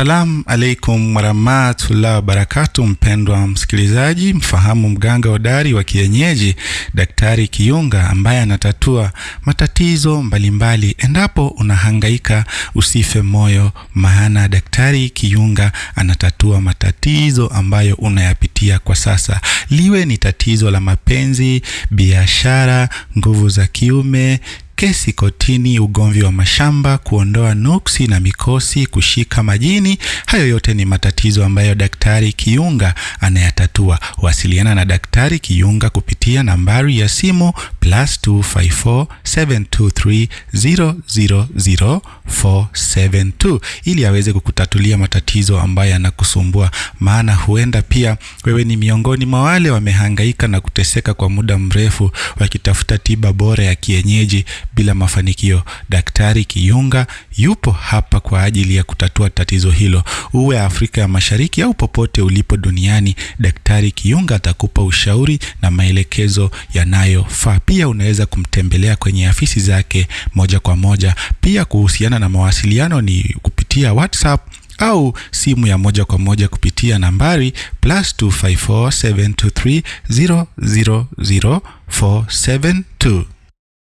Assalamu alaikum warahmatullahi wabarakatu, mpendwa msikilizaji, mfahamu mganga hodari wa kienyeji Daktari Kiyunga ambaye anatatua matatizo mbalimbali mbali. Endapo unahangaika usife moyo, maana Daktari Kiyunga anatatua matatizo ambayo unayapitia kwa sasa, liwe ni tatizo la mapenzi, biashara, nguvu za kiume kesi kotini, ugomvi wa mashamba, kuondoa nuksi na mikosi, kushika majini. Hayo yote ni matatizo ambayo Daktari Kiyunga anayatatua. Wasiliana na Daktari Kiyunga kupitia nambari ya simu plus 254723000472 ili aweze kukutatulia matatizo ambayo yanakusumbua, maana huenda pia wewe ni miongoni mwa wale wamehangaika na kuteseka kwa muda mrefu wakitafuta tiba bora ya kienyeji bila mafanikio. Daktari Kiyunga yupo hapa kwa ajili ya kutatua tatizo hilo. Uwe Afrika ya Mashariki au popote ulipo duniani, Daktari Kiyunga atakupa ushauri na maelekezo yanayofaa. Pia unaweza kumtembelea kwenye afisi zake moja kwa moja. Pia kuhusiana na mawasiliano ni kupitia WhatsApp au simu ya moja kwa moja kupitia nambari plus 254723000472.